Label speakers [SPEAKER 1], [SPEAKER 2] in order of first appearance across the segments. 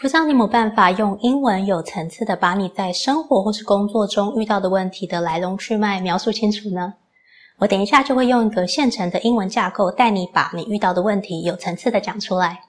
[SPEAKER 1] 不知道你有沒有辦法用英文有層次的把你在生活或是工作中遇到的問題的來龍去脈描述清楚呢？我等一下就會用一個現成的英文架構帶你把你遇到的問題有層次的講出來。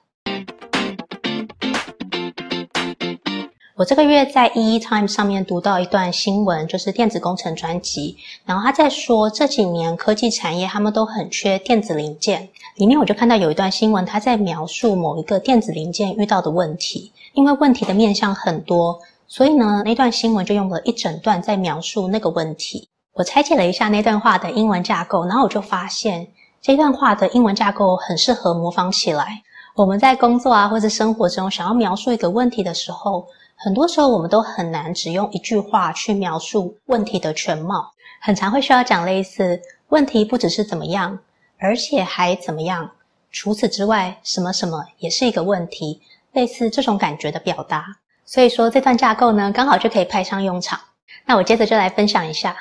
[SPEAKER 1] 我這個月在 EE Times 上面讀到一段新聞，就是電子工程專輯。然後他在說，這幾年科技產業他們都很缺電子零件。裡面我就看到有一段新聞，他在描述某一個電子零件遇到的問題。因為問題的面向很多，所以呢，那段新聞就用了一整段在描述那個問題。我拆解了一下那段話的英文架構，然後我就發現，這段話的英文架構很適合模仿起來，我們在工作啊，或是生活中想要描述一個問題的時候。很多時候，我們都很難只用一句話去描述問題的全貌，很常會需要講類似“問題不只是怎麼樣，而且還怎麼樣”，除此之外，什麼什麼也是一個問題，類似這種感覺的表達。所以說，這段架構呢，剛好就可以派上用場。那我接着就來分享一下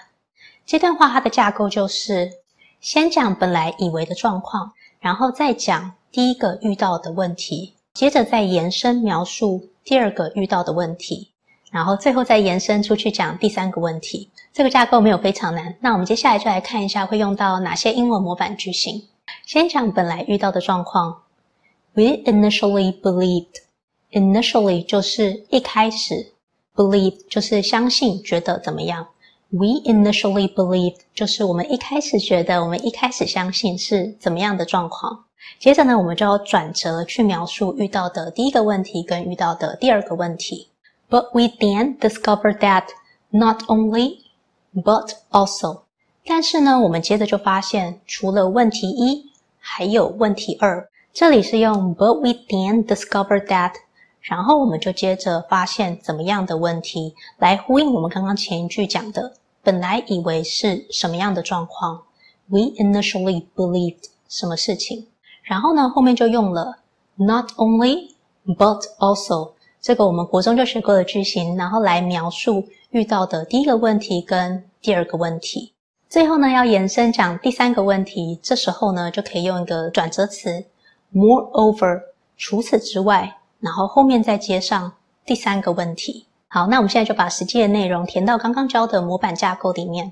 [SPEAKER 1] 這段話，它的架構就是先講本來以為的狀況，然後再講第一個遇到的問題，接着再延伸描述，第二個遇到的問題，然後最後再延伸出去講第三個問題。這個架構沒有非常難。那我們接下來就來看一下會用到哪些英文模板句型。先講本來遇到的狀況。We initially believed，initially 就是一開始，believe 就是相信，覺得怎麼樣。We initially believed 就是我們一開始覺得，我們一開始相信是怎麼樣的狀況。接着呢，我們就要轉折去描述遇到的第一個問題跟遇到的第二個問題。But we then discovered that not only, but also。但是呢，我們接着就發現除了問題一，還有問題二。這裡是用 But we then discovered that，然後我們就接着發現怎麼樣的問題，來呼應我們剛剛前一句講的，本來以為是什麼樣的狀況，We initially believed 什麼事情。然後呢，後面就用了 not only but also 這個我們國中就學過的句型，然後來描述遇到的第一個問題跟第二個問題。最後呢，要延伸講第三個問題，這時候呢就可以用一個轉折詞 moreover，除此之外，然後後面再接上第三個問題。好，那我們現在就把實際的內容填到剛剛教的模板架構裡面。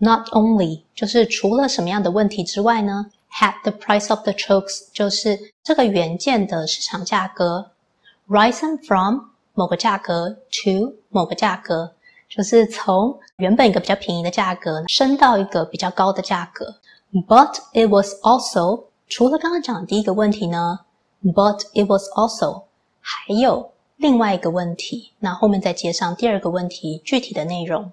[SPEAKER 1] Not only 就是除了什麼樣的問題之外呢？Had the price of the chokes 就是這個元件的市場價格 risen from 某個價格 to 某個價格，就是從原本一個比較便宜的價格升到一個比較高的價格。But it was also 除了剛剛講的第一個問題呢，But it was also 還有另外一個問題，那後面再接上第二個問題具體的內容。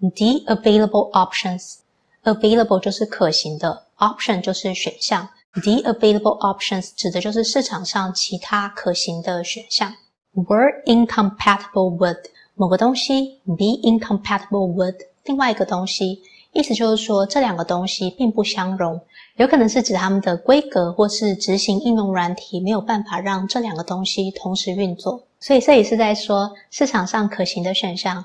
[SPEAKER 1] The available options, available 就是可行的，option 就是選項。The available options 指的就是市場上其他可行的選項。Were incompatible with 某個東西，be incompatible with 另外一個東西，意思就是說這兩個東西並不相容。有可能是指它們的規格或是執行應用軟體沒有辦法讓這兩個東西同時運作。所以這裡是在說市場上可行的選項。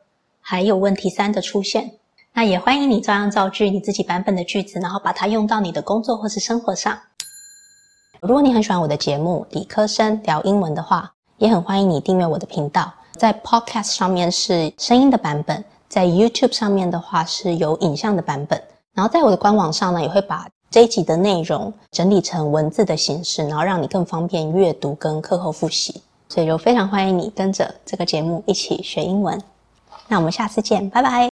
[SPEAKER 1] 還有問題三的出現，那也歡迎你照樣造句，你自己版本的句子，然後把它用到你的工作或是生活上。如果你很喜歡我的節目《理科生聊英文》的話，也很歡迎你訂閱我的頻道，在 Podcast 上面是聲音的版本，在 YouTube 上面的話是有影像的版本。然後在我的官網上呢，也會把這一集的內容整理成文字的形式，然後讓你更方便閱讀跟課後複習。所以就非常歡迎你跟着這個節目一起學英文。那我們下次見，拜拜。